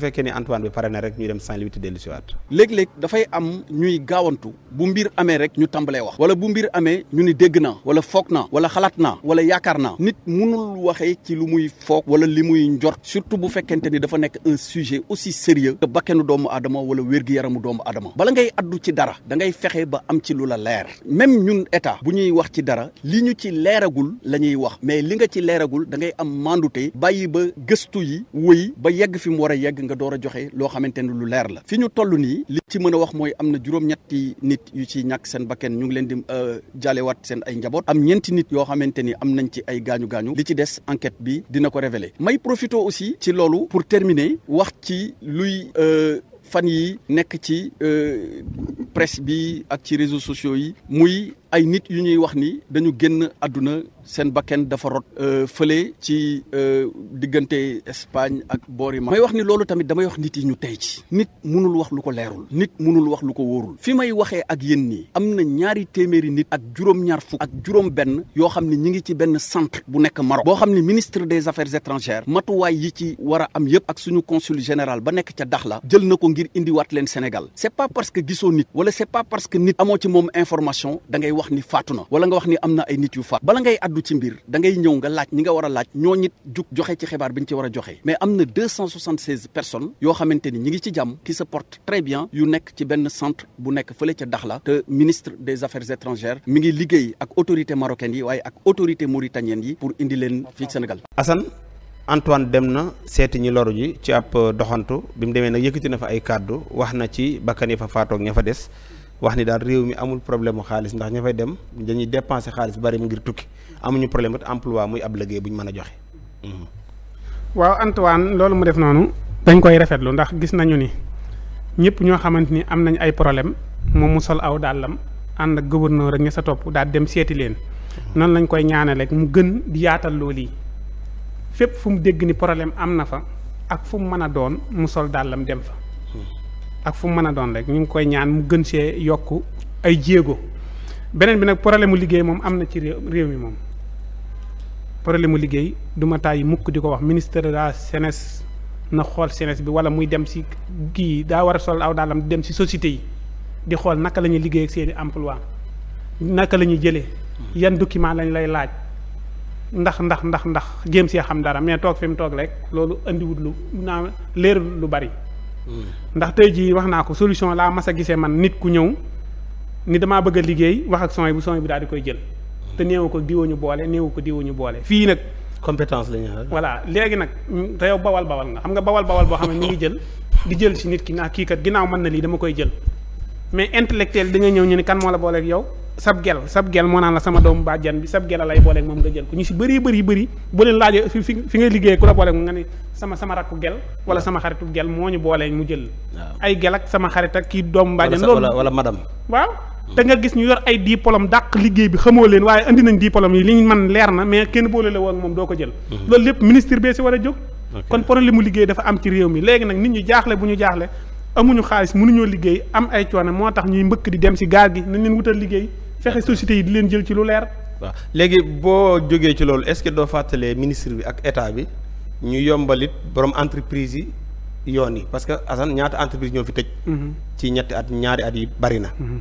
bu fekkee ni Antoine bi pare na rek ñu dem Saint-Louis te dellu si léeg-léeg dafay am ñuy gaawantu bu mbir amee rek ñu tàmbalee wax wala bu mbir amee ñu ni dégg naa wala foog naa wala xalaat naa wala yaakaar naa nit mënul waxee ci lu muy foog wala li muy njort surtout bu fekkente ni dafa nekk un sujet aussi sérieux ba bakkenu doomu aadama wala wér-gi-yaramu doomu aadama bala ngay addu ci dara dangay fexe ba am ci lu la leer même ñun état bu ñuy wax ci dara li ñu ci leeragul la ñuy wax mais li nga ci leeragul da ngay am mandute bàyyi ba gëstu yi wëy ba yegg fi mu war a yegg nga door a joxe loo xamante ne lu leer la fi ñu toll nii li ci mën a wax mooy am na juróom-ñetti nit yu ci ñàkk seen bakken ñu ngi leen di euh, jaalewaat seen ay njaboot am ñeenti nit yoo xamante ni am nañ ci ay gaañu-gaañu li ci des enquête bi dina ko révéler may profité aussi ci loolu pour terminer wax ci luy euh, fan yi nekk ci euh, presse bi ak ci réseaux sociaux yi muy ay nit yu ñuy wax ni dañu génn àdduna seen bakken dafa rot euh, fële ci euh, diggante Espagne ak boori ma may wax ni loolu tamit damay wax nit yi ñu tey ci nit munul wax lu ko leerul nit munul wax lu ko wóorul fi may waxee ak yéen nii am na ñaari téeméeri nit ak juróom-ñaar fukk ak juróom benn yoo xam ni ñi ngi ci benn centre bu nekk Maroc boo xam ne ministre des affaires étrangères matuwaay yi ci war a am yëpp ak suñu consul général ba nekk ca Dakhla jël na ko ngir indiwaat leen Sénégal c'est pas parce que gisoo nit wala c'est pas amoo moom information da wax ni faatu na wala nga wax ni am na ay nit yu faatu bala ngay addu ci mbir da ngay ñëw nga laaj ñi nga war a laaj ñoo ñit jug joxe ci xibaar bi ñu ci war a joxe mais am na deux cent soixante seize personnes yoo xamante ni ñi ngi ci jàmm qui sa porte très bien yu nekk ci benn centre bu nekk fële ca Dakhla te ministre des affaires étrangères mi ngi liggéey ak autorité marocaine yi waaye ak autorité mauritanienne yi pour indi leen fii Sénégal Assane Antoine dem na seeti ñi loru ji ci ab doxantu bi mu demee nag yëkkati na fa ay kàddu wax na ci bakkan fa faatoog ña fa des wax ni daal réew mi amul problème mu xaalis ndax ña fay dem dañuy dépenser xaalis bari ngir tukki amuñu problème at emploi muy ab liggéey bu ñu mën a joxe. Hmm. waaw Antoine loolu mu def noonu dañ koy rafetlu ndax gis nañu ni ñëpp ñoo xamante ni am nañu ay problème moom mu sol aw dàllam ànd ak gouverneur ak ña sa topp daal dem seeti leen noonu lañ koy ñaanale mu gën di yaatal loolu fépp fu mu dégg ni problème am na fa ak fu mu mën a doon mu sol dàllam dem fa. ak fu mu mën a doon rek ñu ngi koy ñaan mu gën see yokk ay jéego beneen bi nag problème mu liggéey moom am na ci réew mi moom problème mu liggéey du ma tàyyi mukk di ko wax ministre de la jeunesse na xool jeunesse bi wala muy dem si kii daa war a sol aw daalam di dem si société yi di xool naka la ñuy liggéey ak seeni emploi naka la ñuy jëlee yan document lañ lay laaj ndax ndax ndax ndax jéem see xam dara mais toog fi mu toog rek loolu indiwut lu naa leer lu bari ndax tey jii wax naa ko solution laa mas a gisee man nit ku ñëw ni damaa bëgg a liggéey wax ak son bu son bi daal di koy jël te néewu ko diwuñu boole néewu ko diwuñu boole fii nag compétence la ñu voilà léegi nag te yow bawal bawal nga xam nga bawal bawal boo xam ne mi ngi jël di jël ci nit ki naa kii kat ginnaaw mën na lii dama koy jël mais intellectuel da nga ñëw ñu ne kan moo la booleeg yow sab gel sab gel moo naan la sama doomu bàjjan bi sab gel a lay booleeg ñu ci bëri bëri bëri boo fi ngay liggéeyee ku la booleeg nga ne sama sama rakku gel wala sama xaritu gel moo ñu boolee mu jël ay gel ak sama xarit ak kii doomu mbaajam loolu wala madam waaw hmm. te nga gis ñu yor ay diplôme dàq liggéey bi xamoo leen waaye indi nañ diplôme yi li ñu man leer na mais kenn boole la woon moom doo ko jël hmm. loolu lépp ministre bee si war a jóg kon li mu liggéey dafa am ci réew mi léegi nag nit ñu jaaxle bu ñu jaaxle amuñu xaalis munuñoo liggéey am ay coono moo tax ñuy mbëkk di dem si gaal gi nañ leen wutal liggéey fexe société yi di leen jël ci lu leer waaw boo jógee ci loolu est-ce que doo fàttalee ministre bi ak état bi ñu yombalit borom entreprise yi yoon yi parce que Assane ñaata entreprise ñoo fi tëj. Mhm. ci ñetti at ñaari at yi bari na. Mhm.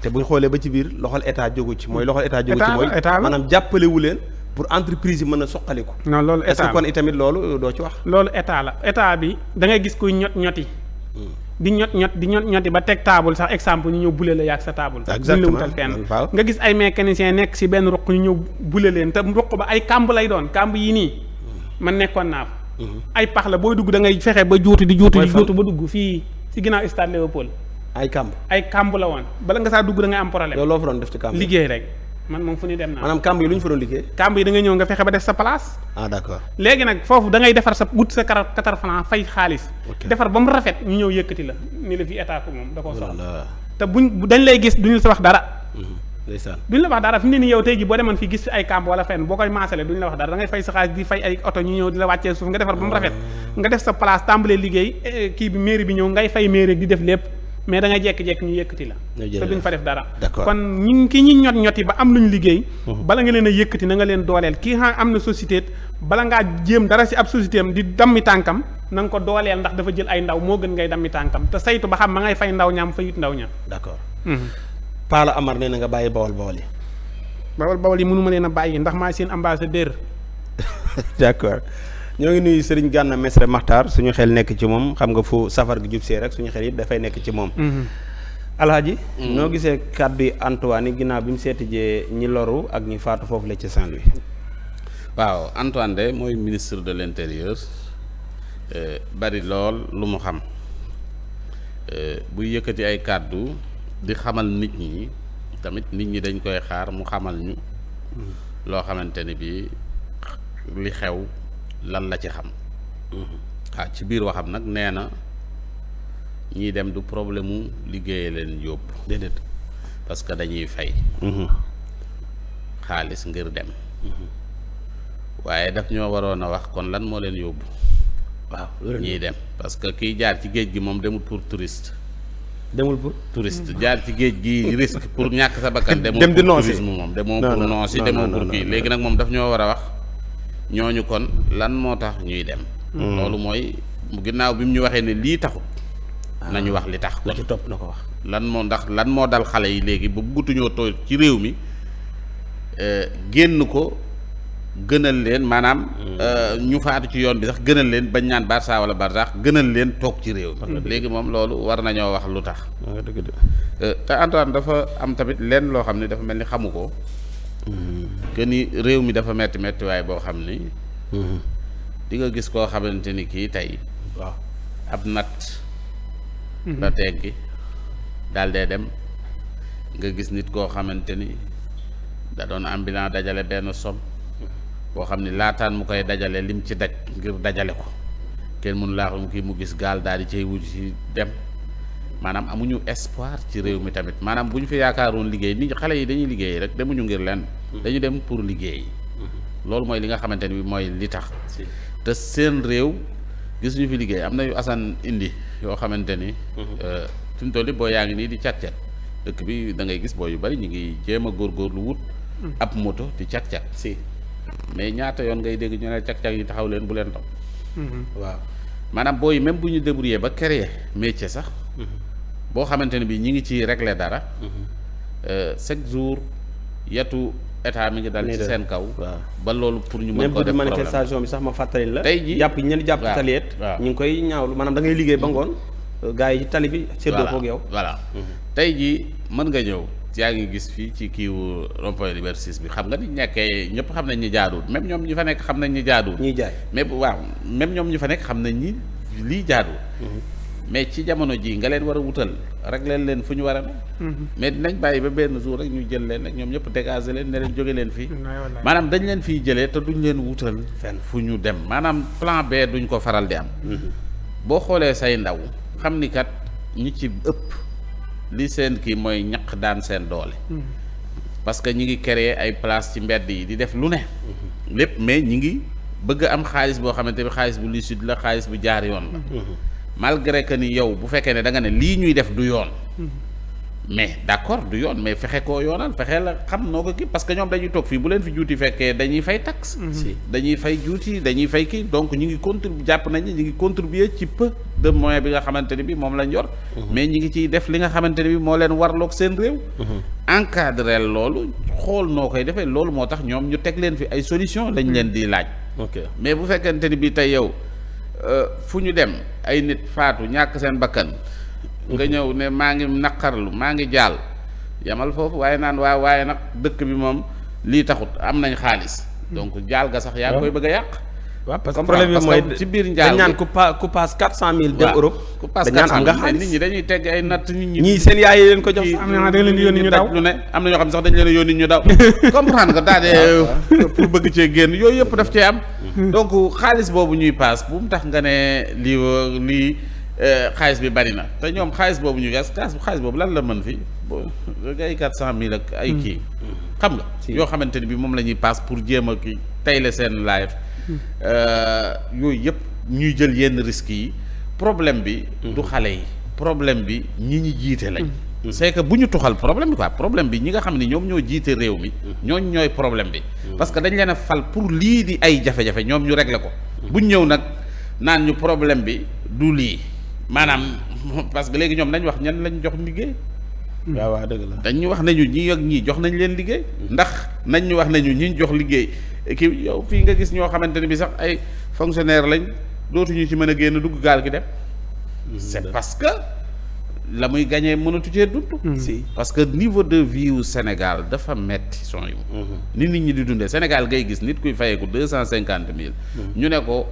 te bu ñu xoolee ba ci biir loxol état jógu ci mooy loxol état jógu ci man maanaam jàppalewu leen pour entreprise yi mën a soqaliku. non loolu état est-ce loolu doo ci wax. loolu état la état bi da gis kuy ñot ñoti. Hmm. di ñot ñot di ñot ñoti ba teg table sax exemple ñu ñëw bule la yàgg sa table. Ah, exactement wutal fenn nga gis ay mécaniciens nekk si benn roq ñu ñëw bule leen te roq ba ay kàmb lay doon kàmb yi nii. man nekkoon naa fa. Mhm. ay pax la booy dugg dangay ngay fexe ba juutu di juutu di juutu ba dugg fii si ginnaaw stade Léopold. ay kamb ay kamb la woon bala nga saa dugg da ngay am problème. yow loo fa doon def ci kamb liggéey rek. man moom fu ñu dem naa yi lu ñu fa doon liggéey. kamb yi da nga ñëw nga fexe ba def sa place. ah léegi nag foofu dangay defar sa wut sa kara quatre francs fay xaalis. defar ba mu rafet ñu ñëw yëkkati la ni la fi état ko moom da koo oh soxla. te buñ dañ lay gis duñu sa wax dara. Mhm. ndeysaan duñ la wax dara fi mu ne nii yow tey ji boo demoon fi gis ay camp wala fenn boo koy maasale duñ la wax dara da ngay fay sa xaalis di fay ay oto ñu ñëw di la wàccee suuf nga defar ba mu rafet ah. nga def sa place tàmbalee liggéey eh, eh, kii bi mairie bi ñëw ngay fay mairie di def lépp mais da jekk-jekk ñu yëkkati la te duñ fa def dara kon ñi ki ñi ñot ñoti ba am lu ñu liggéey bala nga leen a yëkkati na nga leen dooleel kii xam am na société bala ngaa jéem dara si ab société am di dammi tànkam na ko dooleel ndax dafa jël ay ndaw moo gën ngay dammi tànkam te saytu ba xam ma ngay fay ndaw ñaam fayut ndaw ña d'accord Paala Amar nee na nga bàyyi bawol bawol yi. bawol bawol yi mënu ma leen a bàyyi ndax maa seen ambassadeur. d' accord ñoo ngi nuyu sëriñ Gana Messere Maxtaar suñu xel nekk ci moom xam nga fu safar gi jub rek suñu xel yi dafay nekk ci moom. Mm-hmm. Alhaji. Mm-hmm. noo gisee kàddu yi Antoine ginnaaw bi mu seeti jee ñi loru ak ñi faatu foofu la ci Saint-Louis. waaw Antoine de mooy ministre de l' intérieur eh, bari lool lu mu xam eh, buy yëkkati ay kàddu. di xamal nit ñi tamit nit ñi dañ koy xaar mu xamal ñu loo xamante ni bii li xew lan la ci xam mm-hmm. ah ci biir waxam nag nee na ñiy dem du problème mu liggéeye leen yóbbu déedéet parce que dañuy fay mm-hmm. xaalis ngir dem mm-hmm. waaye daf ñoo waroon a wax kon lan moo leen yóbbu waaw ñiy dem parce que kiy jaar ci géej gi moom demul pour touriste demul pour touriste jaar ci géej gi risque pour ñàkk sa bakkan demul dem di noosi tourisme moom demoo pour noosi demoo pour kii léegi nag moom daf ñoo war a wax ñooñu kon lan moo tax ñuy dem hmm. loolu mooy ginnaaw bi mu ñu waxee ne lii taxut ah. nañu wax li tax kon ci topp na ko wax lan moo ndax lan moo dal xale yi léegi ba buggutuñoo tool ci réew mi eh, génn ko gënal leen maanaam. Mm. Euh, ñu faatu ci yoon bi sax gënal leen bañ naan Barça wala Barsax gënal leen toog ci réew mi. Mm. léegi moom loolu war nañoo wax lu tax. Mm. Euh, te Antoine dafa am tamit lenn loo xam ne dafa mel ni xamu ko. que ni réew mi dafa metti méttiwaay boo xam ni. di nga gis koo xamante ni kii tey. waaw ab nat. Mm-hmm. la teggi daal dee dem nga gis nit koo xamante ni da doon am ambulant dajale benn somme. boo xam ne laataan mu koy dajale lim ci daj ngir dajale ko kenn mënu laa xam kii mu gis gaal daal di ceey wut ci dem maanaam amuñu espoir ci réew mi tamit maanaam bu ñu fi yaakaaroon liggéey ni xale yi dañuy liggéey rek demuñu ngir lenn. Mm-hmm. dañu dem pour liggéey. Mm-hmm. loolu mooy li nga xamante ni mooy li tax. te seen réew gisuñu fi liggéey am na yu asan indi yoo xamante ni. Mm-hmm. Euh, fi mu yaa ngi nii di cat cat dëkk bi da ngay gis boo yu bari ñu ngi jéem a góorgóorlu ab moto di cat si mais ñaata yoon ngay dégg ñu ne cag-cag yi taxaw leen bu leen taw mm-hmm. waaw maanaam booy même bu ñu débrouillé ba créer métier sax mm-hmm. boo xamante ne bi ñi ngi ci régler dara mm-hmm. euh, chaque jour yatu état mi ngi dal ci seen kaw ba loolu pour ñu mën ko def manifestation bi sax ma fàttali la tey ji jàpp ñi leen jàpp taliet ñu ngi koy ñaawlu maanaam da ngay liggéey ba ngoon gars yi tali bi séddoo koog yow voilà tey ji mën nga ñëw yaa ngi gis fii ci kiiwu rond-point Liberté 6 bi xam nga ni ñàkkee ñëpp xam nañ ñi jaaduwul même ñoom ñi fa nekk xam nañ ñi jaaduwul. jaay mais waaw même ñoom ñi fa nekk xam nañ ñi lii jaaduwul. Mhm. mais ci jamono jii nga leen war a wutal rek leen leen fu ñu war a mhm. mais dinañ bàyyi ba benn jour rek ñu jël leen rek ñoom ñëpp dégager leen ne leen jóge leen fii maanaam dañ leen fiy jëlee te duñ leen wutal fenn fu ñu dem maanaam plan B duñ ko faral di am mhm. boo xoolee say ndaw xam ni kat ñu ci ëpp li seen kii mooy ñaq daan seen doole. parce que ñi ngi créer ay place ci mbedd yi di def lu ne. lépp mais ñi ngi bëgg am xaalis boo xamante bi xaalis bu lucide la xaalis bu jaar yoon la. Mm-hmm. malgré que ni yow bu fekkee ne da nga ne lii ñuy def du yoon. Mm-hmm. mais d'accord du yoon mais fexe koo yoonal fexe la xam noo ko kii parce que ñoom dañuy toog fii bu leen fi juuti fekkee dañuy fay takk taxe mhm. dañuy fay juuti dañuy fay kii donc ñu ngi contribuer jàpp nañ ñu ngi contribuer ci peu bi nga xamante ne bi moom lañ yor mhm. mais ñu ngi ciy def li nga xamante ne bi moo leen warloog seen réew mhm. encadrer loolu xool noo koy defee loolu moo tax ñoom ñu teg leen fi ay solution lañ leen di laaj mais bu fekkente ni bi tey yow euh, fu ñu dem ay nit faatu ñàkk seen bakkan nga ñëw ne maa ngi naqarlu maa ngi jaal yamal foofu waaye naan waaw waaye nag dëkk bi moom lii taxut am nañ xaalis donc jaal ga sax yaa ngi koy bëgg yàq waaw parce que problème ci biir njaal dañ naan ku pa ku paas quatre cent mille dem Europe ku paas quatre cent mille nit ñi dañuy teg ay natt nit ñi ñii seen yaay yi leen ko jox am na dañ leen yónni ñu daw lu ne am na nga daal ah, euh, pour bëgg cee génn yooyu yëpp daf cee am mm-hmm. donc xaalis boobu ñuy paas bu mu tax nga ne lii lii Euh, xaalis bi bari na te ñoom xaalis boobu ñu gas gas xaalis boobu lan la mën fii bon ay quatre cent mille ay hmm. kii xam nga yoo xamante ni bi moom la ñuy paas pour jéem a kii tey la seen live hmm. euh, yooyu yëpp ñuy jël yenn risques yi problème bi hmm. du xale yi problème bi ñi ñi jiite lañ c'est que bu ñu tuxal problème bi quoi problème bi ñi nga xam ne ñoom ñoo jiite réew mi ñooñ ñooy problème bi parce que dañ leen a fal pour lii di ay jafe-jafe ñoom ñu rek régler ko buñ ñëw nag naan ñu problème bi du lii maanaam parce que léegi ñoom nañ wax ñan lañ jox liggéey. waaw waaw dëgg la dañ ñu wax nañu ñii ak jox nañ leen liggéey. ndax nañ ñu wax nañu ñu jox liggéey ki yow fii nga gis ñoo xamante ne bi sax ay fonctionnaire lañ dootuñu ci mën a génn dugg gaal ki dem. Mm-hmm. c'est parce que la muy gañee mënatu cee dund. Mm-hmm. si que niveau de vie wu Sénégal dafa metti son yu. Mm-hmm. ni nit ñi di dundee Sénégal ngay gis nit kuy fayeeku deux cent cinquante mille. ñu ne ko.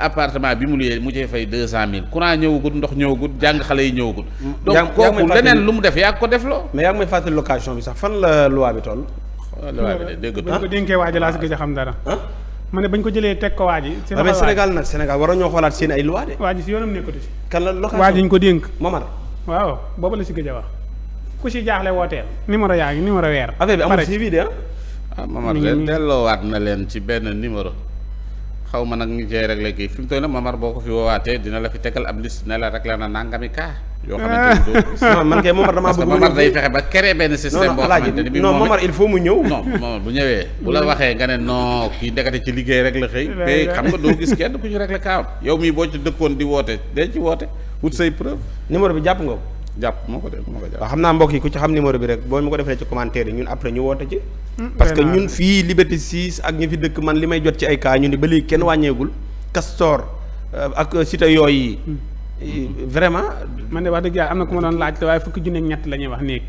appartement bi mu luyee mu cee fay deux cent mille courant ñëwagul ndox ñëwagul jàng xale yi ñëwagul. Mm. donc kooku leneen lu mu def yaa ko def loo. mais yaa ngi may fàttali bi sax fan la loi bi toll. Ah, loi bi ko laa si gëj a xam ah? ma ne bañ ko jëlee teg ko waa ji. Ah, si mais Sénégal nag Sénégal war ñoo xoolaat seen ay loi de. waa ji si yoonam nekkatu si. kan la location ko dénk. Momar waaw boobu la si gëj a wax. ku si jaaxle wooteel. numéro yaa ngi numéro weer. affaire bi amul suivi de ah. Momar mm. waat na leen ci benn numéro xaw ma nag ñu cee réglé kii fi mu toll nii Mamar boo ko fi woowaatee dina la fi tegal ab liste ne la na nangami kaa. yoo xamante ne ah. non man kay Mamar damaa bëgg Mamar day fexe ba créé benn système boo xamante ne bi non Mamar il faut ñëw. non Mamar bu ñëwee bu la waxee nga ne non kii ndekete ci liggéey rek la xëy. te xam nga doo gis kenn ku ñu réglé kaawam. yow mii boo ci dëkkoon di woote day ci woote wut say preuve. numéro bi jàpp nga ko. jàpp moo ko def moo ko jàpp. waaw xam naa mbokk yi ku ci xam numéro bi rek boo ma ko defee ci commentaire yi ñun après ñu woote ci. Hmm. parce que ñun fii Liberté 6 ak ñi fi dëkk man li may jot ci ay cas ñu ni ba léegi kenn wàññeegul Castor euh, ak euh, cité yooyu. Hmm. vraiment. man de wax dëgg yàlla am na ku ma doon laaj te waaye fukki junneeg ñett la ñuy wax néeg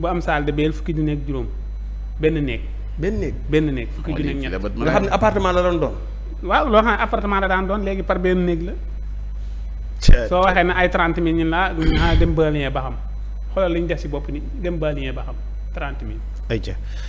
bu am saal de beel fukki junneeg juróom benn néeg. benn néeg benn néeg fukki oh, junneeg ñett nga xam ne appartement la doon doon. waaw loo xam ne appartement la daan doon léegi par benn néeg la soo waxee ne ay trente mille ñun laa ah dem Berlin ba xam xoolal li ñu def si bopp ni dem Berlin ba xam trente mille.